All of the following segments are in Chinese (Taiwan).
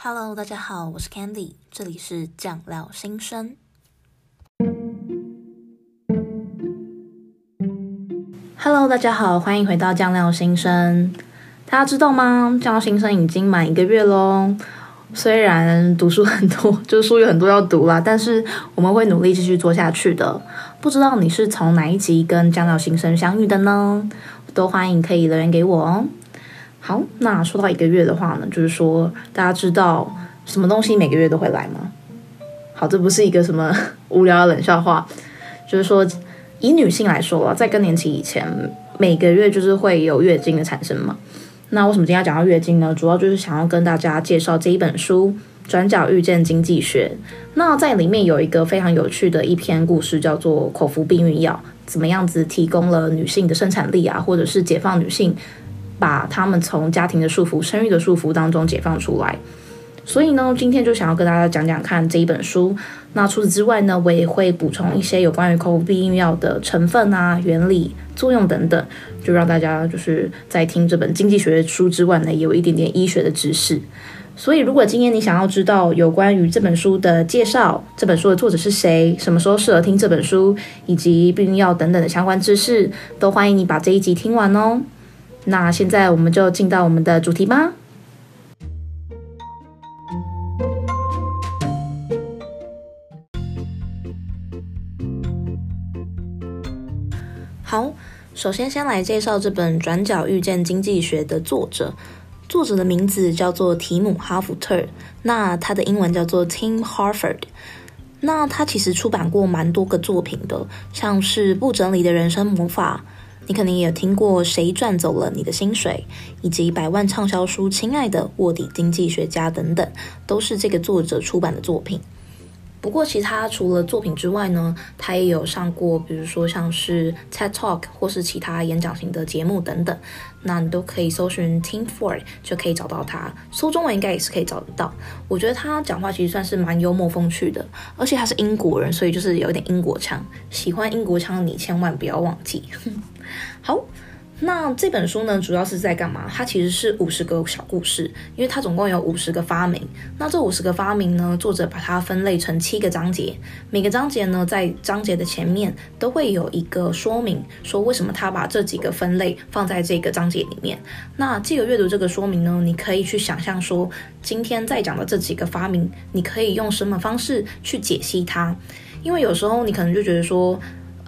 Hello，大家好，我是 Candy，這裡是醬料新生。Hello，大家好，歡迎回到醬料新生。大家知道嗎？醬料新生已經滿一個月嘍。雖然讀書很多，就是書有很多要讀啦，但是我們會努力繼續做下去的。不知道你是從哪一集跟醬料新生相遇的呢？都歡迎可以留言給我哦。好，那說到一個月的話呢，就是說大家知道什麼東西每個月都會來嗎？好，這不是一個什麼無聊的冷笑話，就是說以女性來說吧、啊，在更年期以前，每個月就是會有月經的產生嘛。那為什麼今天要講到月經呢？主要就是想要跟大家介紹這一本書《轉角遇見經濟學》。那在裡面有一個非常有趣的一篇故事，叫做“口服避孕藥怎麼樣子提供了女性的生產力啊，或者是解放女性。”把他們從家庭的束縛、生育的束縛當中解放出來。所以呢，今天就想要跟大家講講看這一本書。那除此之外呢，我也會補充一些有關於口服避孕藥的成分啊、原理、作用等等，就讓大家就是在聽這本經濟學書之外呢，也有一點點醫學的知識。所以，如果今天你想要知道有關於這本書的介紹、這本書的作者是誰、什麼時候適合聽這本書，以及避孕藥等等的相關知識，都歡迎你把這一集聽完哦。那現在我們就進到我們的主題吧。好，首先先來介紹這本《轉角遇見經濟學》的作者，作者的名字叫做提姆·哈福特，那他的英文叫做 Tim Harford。那他其實出版過蠻多個作品的，像是《不整理的人生魔法》。你肯定也有聽過誰賺走了你的薪水，以及百萬暢銷書《親愛的臥底經濟學家》等等，都是這個作者出版的作品。不過，其他除了作品之外呢，他也有上過，比如說像是 TED Talk 或是其他演講型的節目等等。那你都可以搜尋 Tim Harford 就可以找到他，搜中文應該也是可以找得到。我覺得他講話其實算是蠻幽默風趣的，而且他是英國人，所以就是有一點英國腔。喜歡英國腔的你，千萬不要忘記。好，那這本書呢，主要是在幹嘛？它其實是五十個小故事，因為它總共有五十個發明。那這五十個發明呢，作者把它分類成七個章節，每個章節呢，在章節的前面都會有一個說明，說為什麼他把這幾個分類放在這個章節裡面。那藉由閱讀這個說明呢，你可以去想象說，今天在講的這幾個發明，你可以用什麼方式去解析它？因為有時候你可能就覺得說，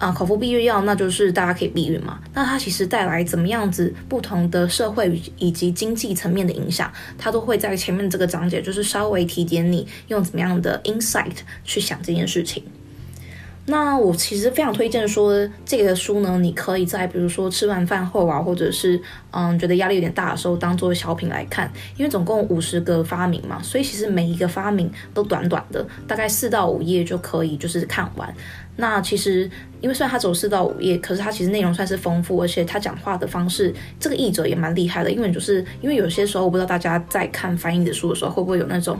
啊，口服避孕藥，那就是大家可以避孕嘛。那它其實帶來怎麼樣子不同的社會以及經濟層面的影響，它都會在前面這個章節，就是稍微提點你用怎麼樣的 insight 去想這件事情。那我其實非常推薦說這個書呢，你可以在比如說吃完飯後啊，或者是嗯覺得壓力有點大的時候，當做小品來看。因為總共五十個發明嘛，所以其實每一個發明都短短的，大概四到五頁就可以就是看完。那其實因為雖然它只有四到五頁，可是它其實內容算是豐富，而且它講話的方式，這個譯者也蠻厲害的，因為就是因為有些時候我不知道大家在看翻譯的書的時候會不會有那種。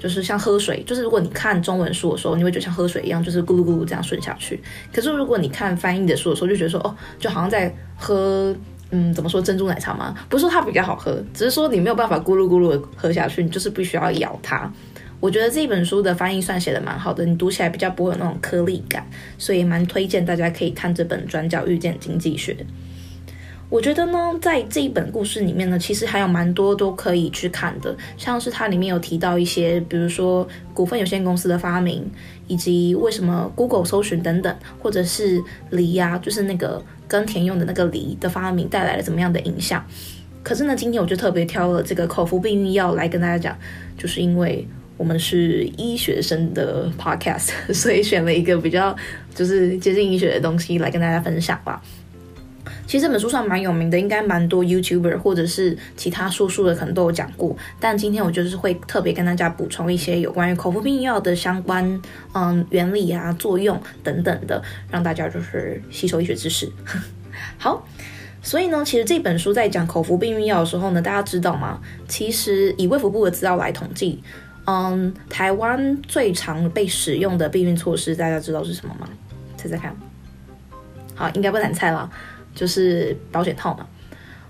就是像喝水，就是如果你看中文書的時候，你會覺得像喝水一樣，就是咕嚕咕嚕這樣順下去。可是如果你看翻譯的書的時候，就覺得說，哦，就好像在喝，嗯，怎麼說，珍珠奶茶嗎？不是說它比較好喝，只是說你沒有辦法咕嚕咕嚕的喝下去，你就是必須要咬它。我覺得這本書的翻譯算寫得蠻好的，你讀起來比較不會有那種顆粒感，所以蠻推薦大家可以看這本《轉角遇見經濟學》。我覺得呢，在這一本故事裡面呢，其實還有蠻多都可以去看的，像是它裡面有提到一些，比如說股份有限公司的發明，以及為什麼 Google 搜尋等等，或者是犁呀、啊，就是那個耕田用的那個犁的發明帶來了怎麼樣的影響。可是呢，今天我就特別挑了這個口服避孕藥來跟大家講，就是因為我們是醫學生的 podcast，所以選了一個比較就是接近醫學的東西來跟大家分享吧。其實這本書算蠻有名的，應該蠻多 YouTuber 或者是其他說書的可能都有講過。但今天我就是會特別跟大家補充一些有關於口服避孕藥的相關，嗯，原理啊、作用等等的，讓大家就是吸收醫學知識。 好，所以呢，其實這本書在講口服避孕藥的時候呢，大家知道嗎？其實以衛福部的資料來統計，嗯，台灣最常被使用的避孕措施，大家知道是什麼嗎？猜猜看？好，應該不難猜了。就是保險套嘛，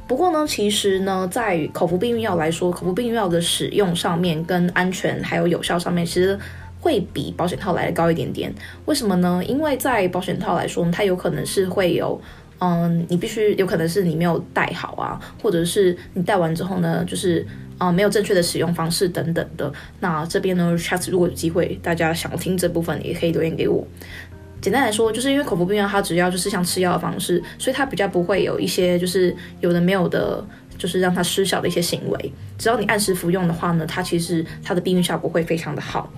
不過呢，其實呢，在口服避孕藥來說，口服避孕藥的使用上面跟安全還有有效上面，其實會比保險套來的高一點點。為什麼呢？因為在保險套來說，它有可能是會有，嗯，你必須有可能是你沒有戴好啊，或者是你戴完之後呢，就是啊、嗯、沒有正確的使用方式等等的。那這邊呢，下次 c h a 如果有機會，大家想要聽這部分，也可以留言給我。簡單來說，就是因為口服避孕藥，它主要就是像吃藥的方式，所以它比較不會有一些就是有的沒有的，就是讓它失效的一些行為。只要你按時服用的話呢，它其實它的避孕效果會非常的好。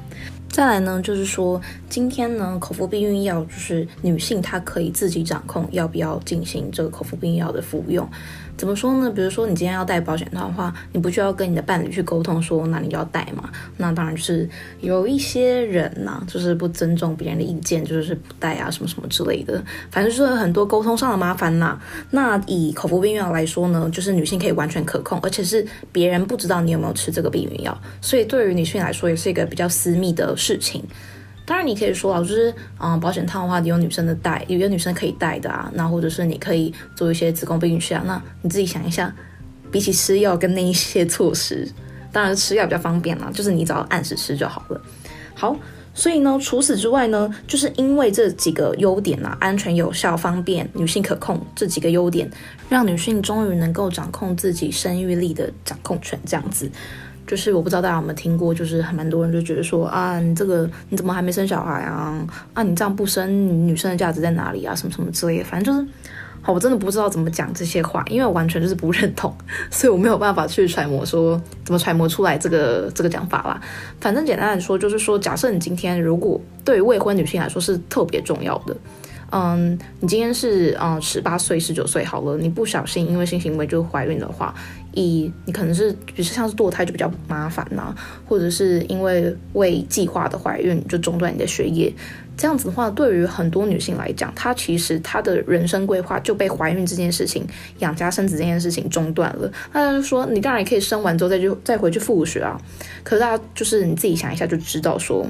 再來呢，就是說今天呢，口服避孕藥就是女性她可以自己掌控要不要進行這個口服避孕藥的服用。怎麼說呢？比如說你今天要戴保險套的話，你不需要跟你的伴侶去溝通說，那你就要戴嘛。那當然就是有一些人呢、啊，就是不尊重別人的意見，就是不戴啊什麼什麼之類的，反正就是有很多溝通上的麻煩啦、啊。那以口服避孕藥來說呢，就是女性可以完全可控，而且是別人不知道你有沒有吃這個避孕藥，所以對於女性來說也是一個比較私密的事情。當然，你可以說啊，就是嗯，保險套的話，也有女生的戴，也有女生可以戴的啊。那或者是你可以做一些子宮避孕器啊。那你自己想一下，比起吃藥跟那一些措施，當然吃藥比較方便嘛、啊，就是你只要按時吃就好了。好，所以呢，除此之外呢，就是因為這幾個優點啊：安全、有效、方便、女性可控這幾個優點，讓女性終於能夠掌控自己生育力的掌控權，這樣子。就是我不知道大家有沒有聽過，就是還蠻多人就覺得說啊，你這個你怎麼還沒生小孩啊？啊，你這樣不生，你女生的價值在哪裡啊？什麼什麼之類的。反正就是，好，我真的不知道怎麼講這些話，因為我完全就是不認同，所以我沒有辦法去揣摩說怎麼揣摩出來這個這個講法啦。反正簡單來說，就是說，假設你今天如果對未婚女性來說是特別重要的，嗯，你今天是嗯，十八歲、十九歲好了，你不小心因為性行為就懷孕的話。以你可能是，比如像是墮胎就比較麻煩吶、啊，或者是因為未計劃的懷孕就中斷你的學業，這樣子的話，對於很多女性來講，她其實她的人生規劃就被懷孕這件事情、養家生子這件事情中斷了。大家就說，你當然也可以生完之後再去再回去復學啊，可是大家就是你自己想一下就知道說，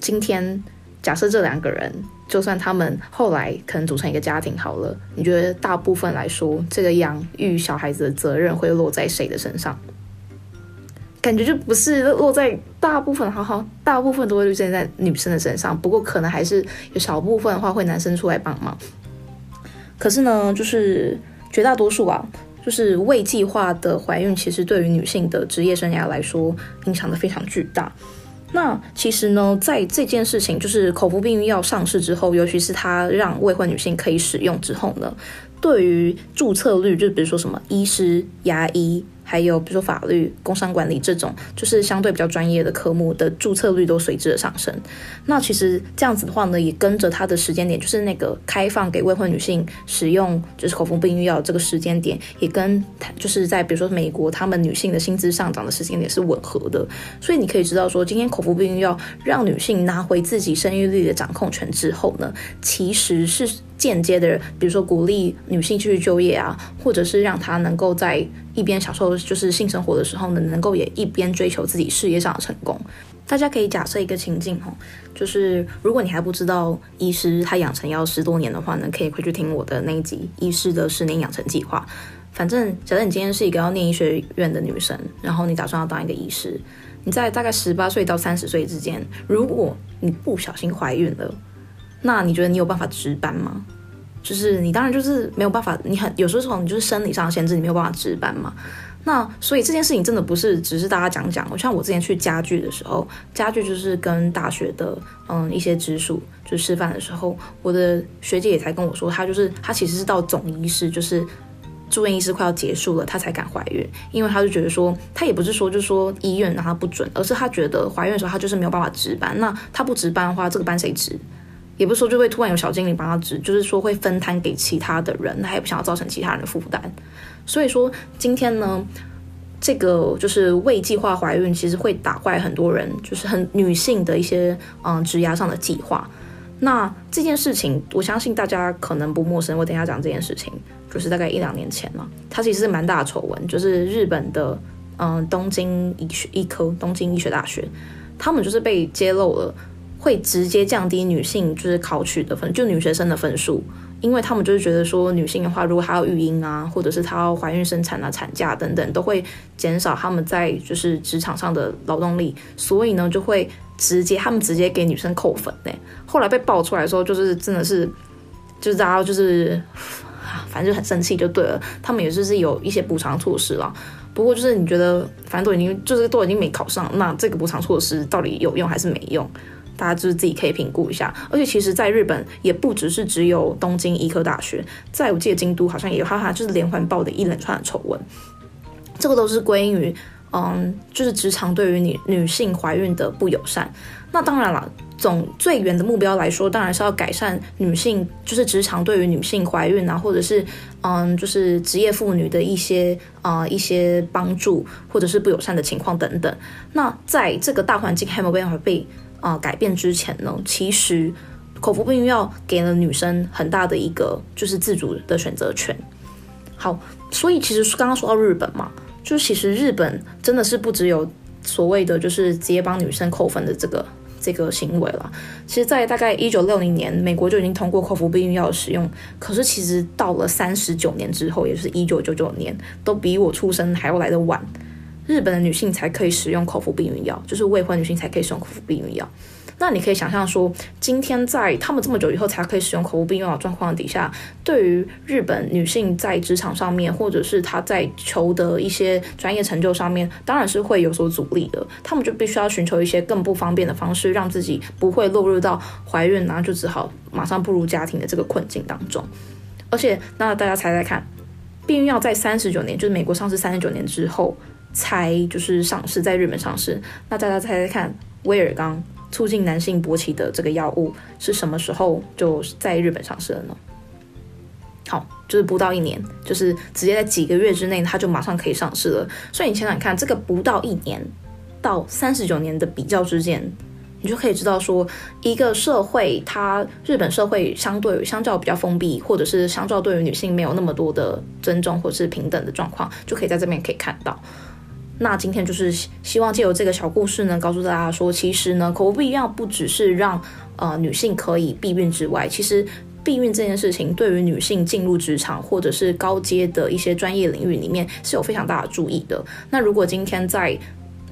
今天假設這兩個人。就算他們後來可能組成一個家庭好了，你覺得大部分來說，這個養育小孩子的責任會落在誰的身上？感覺就不是落在大部分，好好，大部分都會落在在女生的身上。不過可能還是有小部分的話會男生出來幫忙。可是呢，就是絕大多數啊，就是未計劃的懷孕，其實對於女性的職業生涯來說，影響的非常巨大。那其實呢，在這件事情就是口服避孕藥上市之後，尤其是它讓未婚女性可以使用之後呢，對於註冊率，就比如說什麼醫師、牙醫。還有，比如說法律、工商管理這種，就是相對比較專業的科目的注冊率都隨之而上升。那其實這樣子的話呢，也跟着它的時間點，就是那個開放給未婚女性使用，就是口服避孕藥這個時間點，也跟它就是在比如說美國，她們女性的薪資上漲的時間點是吻合的。所以你可以知道說，今天口服避孕藥讓女性拿回自己生育率的掌控權之後呢，其實是間接的，比如說鼓勵女性繼續就業啊，或者是讓她能夠在。一邊享受就是性生活的時候呢，能夠也一邊追求自己事業上的成功。大家可以假設一個情境吼，就是如果你還不知道醫師他養成要十多年的話呢，可以回去聽我的那一集《醫師的十年養成計劃》。反正假設你今天是一個要念醫學院的女生，然後你打算要當一個醫師，你在大概十八歲到三十歲之間，如果你不小心懷孕了，那你覺得你有辦法值班嗎？就是你當然就是沒有辦法，你很有時候從你就是生理上的限制，你沒有辦法值班嘛。那所以這件事情真的不是只是大家講講。我像我之前去家具的時候，家具就是跟大學的嗯一些直屬就示範的時候，我的學姐也才跟我說，她就是她其實是到總醫師，就是住院醫師快要結束了，她才敢懷孕，因為她就覺得說，她也不是說就是說醫院讓她不准，而是她覺得懷孕的時候她就是沒有辦法值班。那她不值班的話，這個班誰值？也不說就會突然有小精靈幫他指，就是說會分攤給其他的人，他也不想要造成其他人的負擔。所以說今天呢，這個就是未計劃懷孕，其實會打怪很多人，就是很女性的一些嗯職涯上的計劃。那這件事情我相信大家可能不陌生，我等一下講這件事情，就是大概一兩年前了，它其實是蠻大的醜聞，就是日本的嗯、呃、東京醫學醫科，東京醫學大學，他們就是被揭露了。會直接降低女性就是考取的分，就女學生的分數，因為他們就是覺得說女性的話，如果她有育嬰啊，或者是她要懷孕生產啊、產假等等，都會減少他們在就是職場上的勞動力，所以呢，就會直接他們直接給女生扣分呢。後來被爆出來的時候，就是真的是，就是大家就是反正就很生氣就對了。他們也就是有一些補償措施了，不過就是你覺得反正都已經就是都已經沒考上，那這個補償措施到底有用還是沒用？大家就是自己可以評估一下，而且其實在日本也不只是只有東京醫科大學，在我記得京都好像也有哈，哈，就是連環爆的一連串的醜聞，這個都是歸因於，嗯，就是職場對於女女性懷孕的不友善。那當然啦，總最遠的目標來說，當然是要改善女性，就是職場對於女性懷孕啊，或者是嗯，就是職業婦女的一些啊、呃、一些幫助，或者是不友善的情況等等。那在這個大環境還沒有辦法被。啊、呃，改變之前呢，其實口服避孕藥給了女生很大的一個就是自主的選擇權。好，所以其實剛剛說到日本嘛，就是其實日本真的是不只有所謂的就是直接幫女生扣分的這個這個行為了。其實，在大概一九六零年，美國就已經通過口服避孕藥使用，可是其實到了三十九年之後，也是一九九九年，都比我出生還要來得晚。日本的女性才可以使用口服避孕藥，就是未婚女性才可以使用口服避孕藥。那你可以想象說，今天在他們這麼久以後才可以使用口服避孕藥的狀況底下，對於日本女性在職場上面，或者是她在求得一些專業成就上面，當然是會有所阻力的。她們就必須要尋求一些更不方便的方式，讓自己不會落入到懷孕，然後就只好馬上步入家庭的這個困境當中。而且，那大家猜猜看，避孕藥在三十九年，就是美國上市三十九年之後。才就是上市在日本上市，那大家猜猜看，威爾剛促進男性勃起的這個藥物是什麼時候就在日本上市了呢？好，就是不到一年，就是直接在幾個月之內，它就馬上可以上市了。所以你想想看，這個不到一年到三十九年的比較之間，你就可以知道說，一個社會它日本社會相對相較比較封閉，或者是相較對於女性沒有那麼多的尊重或是平等的狀況，就可以在這邊可以看到。那今天就是希望借由這個小故事呢，告訴大家說，其實呢，口服避孕藥不只是讓呃女性可以避孕之外，其實避孕這件事情對於女性進入職場或者是高階的一些專業領域裡面是有非常大的注意的。那如果今天在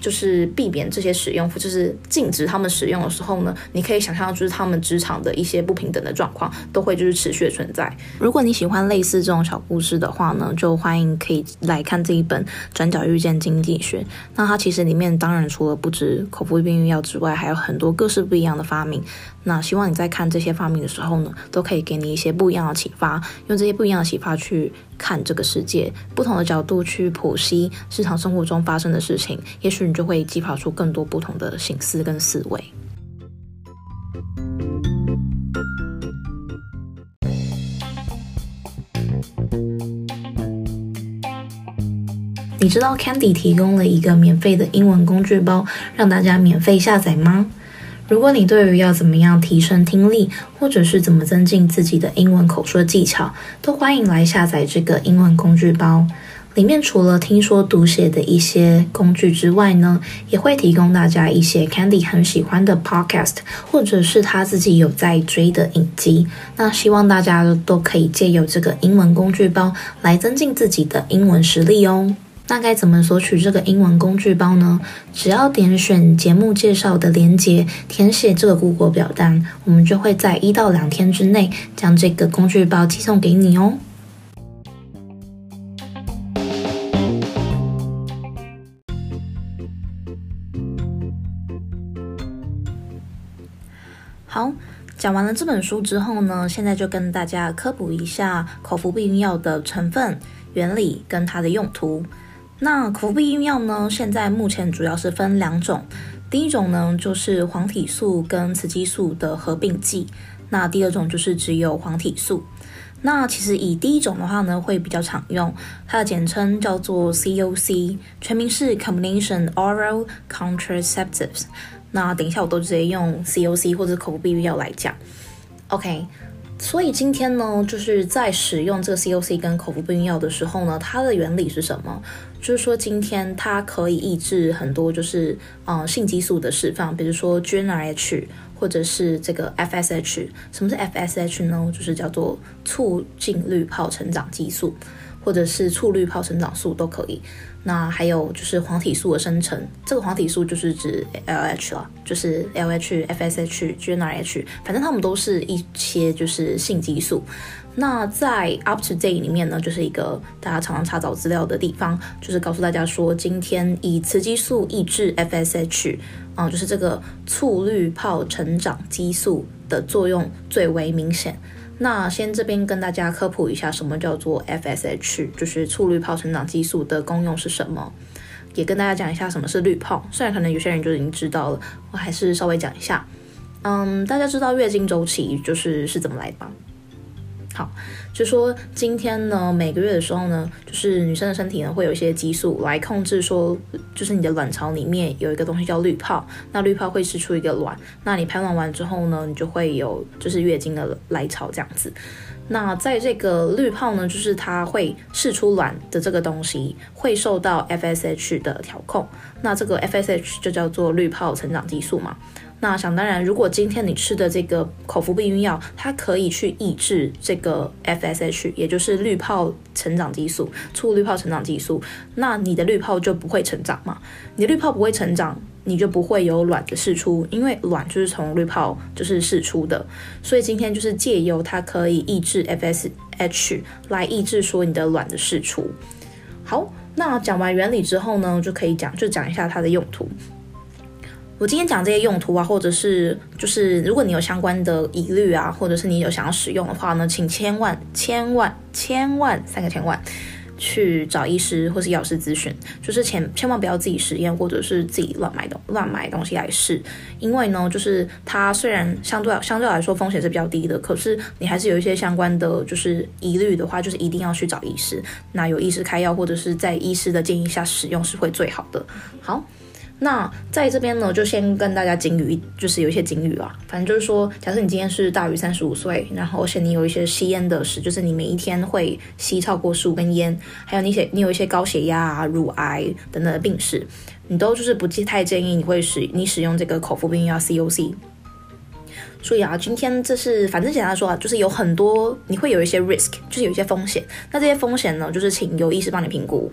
就是避免這些使用，就是禁止他們使用的時候呢，你可以想象，就是他們職場的一些不平等的狀況都會就是持續存在。如果你喜歡類似這種小故事的話呢，就歡迎可以來看這一本《轉角遇見經濟學》。那它其實裡面當然除了不止口服避孕藥之外，還有很多各式不一樣的發明。那希望你在看這些發明的時候呢，都可以給你一些不一樣的啟發，用這些不一樣的啟發去看這個世界，不同的角度去剖析日常生活中發生的事情，也許，就會激發出更多不同的形式跟思維。你知道 Candy 提供了一個免費的英文工具包，讓大家免費下載嗎？如果你對於要怎麼樣提升聽力，或者是怎麼增進自己的英文口說技巧，都歡迎來下載這個英文工具包。裡面除了聽說讀寫的一些工具之外呢，也會提供大家一些 Candy 很喜歡的 podcast，或者是他自己有在追的影集。那希望大家都可以借由這個英文工具包來增進自己的英文實力哦。那該怎麼索取這個英文工具包呢？只要點選節目介紹的鏈接，填寫這個 Google 表單，我們就會在一到兩天之內將這個工具包寄送給你哦。好，講完了這本書之後呢，現在就跟大家科普一下口服避孕藥的成分、原理跟它的用途。那口服避孕藥呢，現在目前主要是分兩種，第一種呢就是黃體素跟雌激素的合併劑，那第二種就是只有黃體素。那其實以第一種的話呢，會比較常用，它的簡稱叫做 COC，全名是 Combination Oral Contraceptives。那等一下，我都直接用 C O C 或者口服避孕藥來講，OK。所以今天呢，就是在使用這個 C O C 跟口服避孕藥的時候呢，它的原理是什麼？就是說今天它可以抑制很多就是呃性激素的釋放，比如說 GnRH 或者是這個 FSH。什麼是 FSH 呢？就是叫做促進濾泡成長激素，或者是促濾泡成長素都可以。那還有就是黃體素的生成，這個黃體素就是指 L H 啦，就是 L H、F S H、G n r H，反正他們都是一些就是性激素。那在 UpToDate 裡面呢，就是一個大家常常查找資料的地方，就是告訴大家說，今天以雌激素抑制 F S H 啊，嗯，就是這個促濾泡成長激素的作用最為明顯。那先這邊跟大家科普一下，什麼叫做 FSH，就是促濾泡成長激素的功用是什麼？也跟大家講一下什麼是濾泡。雖然可能有些人就已經知道了，我還是稍微講一下。嗯，大家知道月經週期就是是怎麼來的吧？好。就說今天呢，每個月的時候呢，就是女生的身體呢會有一些激素來控制說，說就是你的卵巢裡面有一個東西叫濾泡，那濾泡會釋出一個卵，那你排卵完之後呢，你就會有就是月經的來潮這樣子。那在這個濾泡呢，就是它會釋出卵的這個東西會受到 FSH 的調控，那這個 FSH 就叫做濾泡成長激素嘛。那想當然，如果今天你吃的這個口服避孕藥，它可以去抑制這個 FSH，也就是濾泡成長激素，促濾泡成長激素，那你的濾泡就不會成長嘛，你的濾泡不會成長，你就不會有卵的釋出，因為卵就是從濾泡就是釋出的，所以今天就是借由它可以抑制 FSH 來抑制說你的卵的釋出。好，那講完原理之後呢，就可以講就講一下它的用途。我今天講這些用途啊，或者是就是，如果你有相關的疑慮啊，或者是你有想要使用的話呢，請千萬千萬千萬三個千萬去找醫師或是藥師諮詢，就是千千萬不要自己實驗或者是自己亂買東亂買東西來試，因為呢，就是它雖然相對相對來說風險是比較低的，可是你還是有一些相關的就是疑慮的話，就是一定要去找醫師，那有醫師開藥或者是在醫師的建議下使用是會最好的。好。那在這邊呢，就先跟大家警語一，就是有一些警語啊，反正就是說，假設你今天是大於三十五歲，然後而且你有一些吸菸的史，就是你每一天會吸超過十五根煙，還有你寫你有一些高血壓啊、乳癌等等的病史，你都就是不太建議你會使你使用這個口服避孕藥 COC。所以啊，今天這是反正簡單說啊，就是有很多你會有一些 risk，就是有一些風險，那這些風險呢，就是請有醫師幫你評估。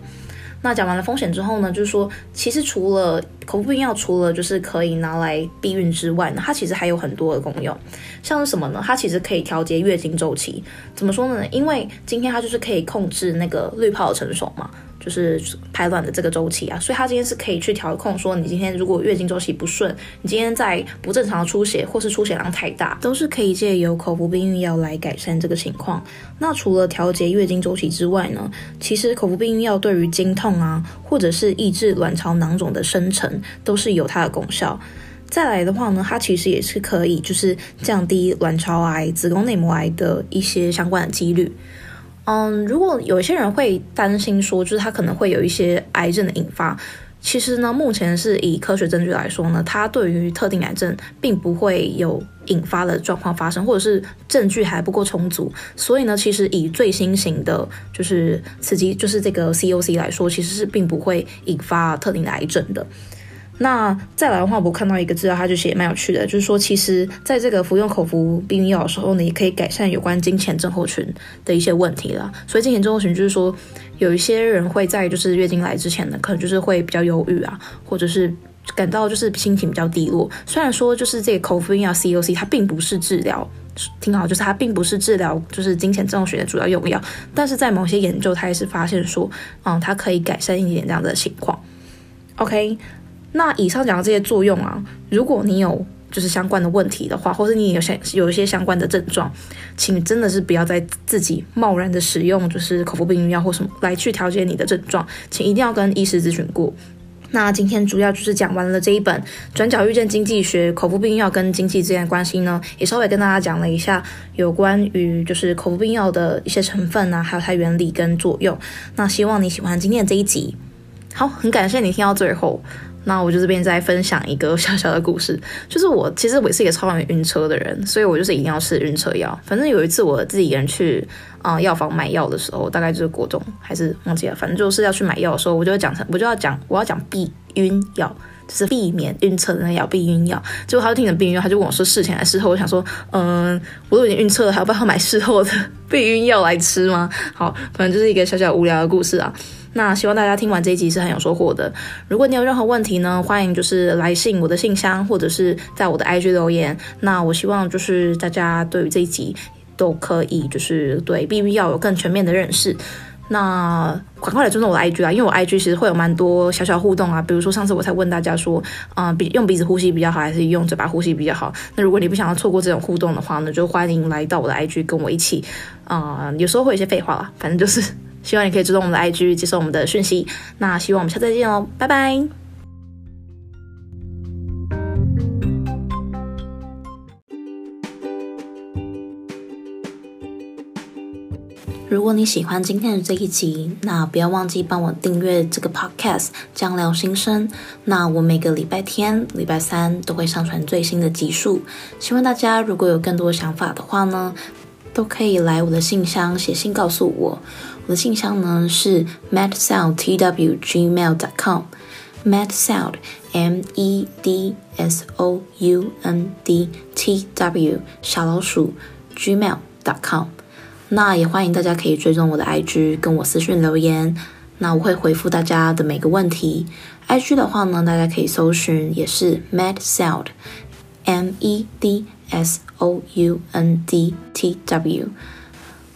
那講完了風險之後呢，就是說，其實除了口服避孕藥，除了就是可以拿來避孕之外呢，它其實還有很多的功用，像是什麼呢？它其實可以調節月經週期。怎麼說呢？因為今天它就是可以控制那個濾泡的成熟嘛。就是排卵的這個周期啊，所以它今天是可以去調控。說你今天如果月經周期不順，你今天在不正常的出血，或是出血量太大，都是可以借由口服避孕藥來改善這個情況。那除了調節月經周期之外呢，其實口服避孕藥對於經痛啊，或者是抑制卵巢囊腫的生成，都是有它的功效。再來的話呢，它其實也是可以，就是降低卵巢癌、子宮內膜癌的一些相關的幾率嗯，如果有些人會擔心說，就是他可能會有一些癌症的引發，其實呢，目前是以科學證據來說呢，它對於特定癌症，並不會有引發的狀況發生，或者是證據還不夠充足，所以呢，其實以最新型的，就是刺激就是這個 COC 來說，其實是並不會引發特定的癌症的。那再來的話，我看到一個資料，它就寫蠻有趣的，就是說，其實在這個服用口服避孕藥的時候呢，也可以改善有關經前症候群的一些問題了。所以經前症候群就是說，有一些人會在就是月經來之前呢，可能就是會比較憂鬱啊，或者是感到就是心情比較低落。雖然說就是這個口服藥 COC 它並不是治療，聽好，就是它並不是治療就是經前症候群的主要用藥，但是在某些研究，它也是發現說，嗯，它可以改善一點這樣的情況。OK。那以上講的這些作用啊，如果你有就是相關的問題的話，或者你有些有一些相關的症狀，請真的是不要再自己貿然的使用就是口服避孕藥或什麼來去調節你的症狀，請一定要跟醫師諮詢過。那今天主要就是講完了這一本《轉角遇見經濟學》，口服避孕藥跟經濟之間的關係呢，也稍微跟大家講了一下有關於就是口服避孕藥的一些成分啊，還有它原理跟作用。那希望你喜歡今天的這一集，好，很感謝你聽到最後。那我就這邊再分享一個小小的故事，就是我其實我也是一個超容易暈車的人，所以我就是一定要吃暈車藥。反正有一次我自己一個人去啊呃、藥房買藥的時候，大概就是國中還是忘記了，反正就是要去買藥的時候，我就要講成我就要講我要講避暈藥。就是避免暈車的那藥，避暈藥。結果他就聽著避孕藥，他就問我說：“事前還是事後？”我想說，嗯，我都已經暈車了，還要不要買事後的避孕藥來吃嗎？好，反正就是一個小小無聊的故事啊。那希望大家聽完這一集是很有收穫的。如果你有任何問題呢，歡迎就是來信我的信箱，或者是在我的 IG 留言。那我希望就是大家對於這一集都可以就是對避孕藥有更全面的認識。那趕快來追蹤我的 IG 啊，因為我 IG 其實會有蠻多小小互動啊，比如說上次我才問大家說，啊、呃，鼻用鼻子呼吸比較好，還是用嘴巴呼吸比較好？那如果你不想要錯過這種互動的話呢，就歡迎來到我的 IG，跟我一起，啊、呃，有時候會有些廢話啦，反正就是希望你可以追蹤我們的 IG，接受我們的訊息。那希望我們下次再見哦，拜拜。如果你喜歡今天的這一集，那不要忘記幫我訂閱這個 podcast《醬聊心聲》。那我每個禮拜天、禮拜三都會上傳最新的集數。希望大家如果有更多想法的話呢，都可以來我的信箱寫信告訴我。我的信箱呢是 medsoundtw gmail.com，medsound，m-e-d-s-o-u-n-d，t-w 小老鼠，gmail.com。gmail.com 那也歡迎大家可以追蹤我的 IG，跟我私訊留言，那我會回復大家的每個問題。IG 的話呢，大家可以搜尋，也是 MedSound，M E D S O U N D T W。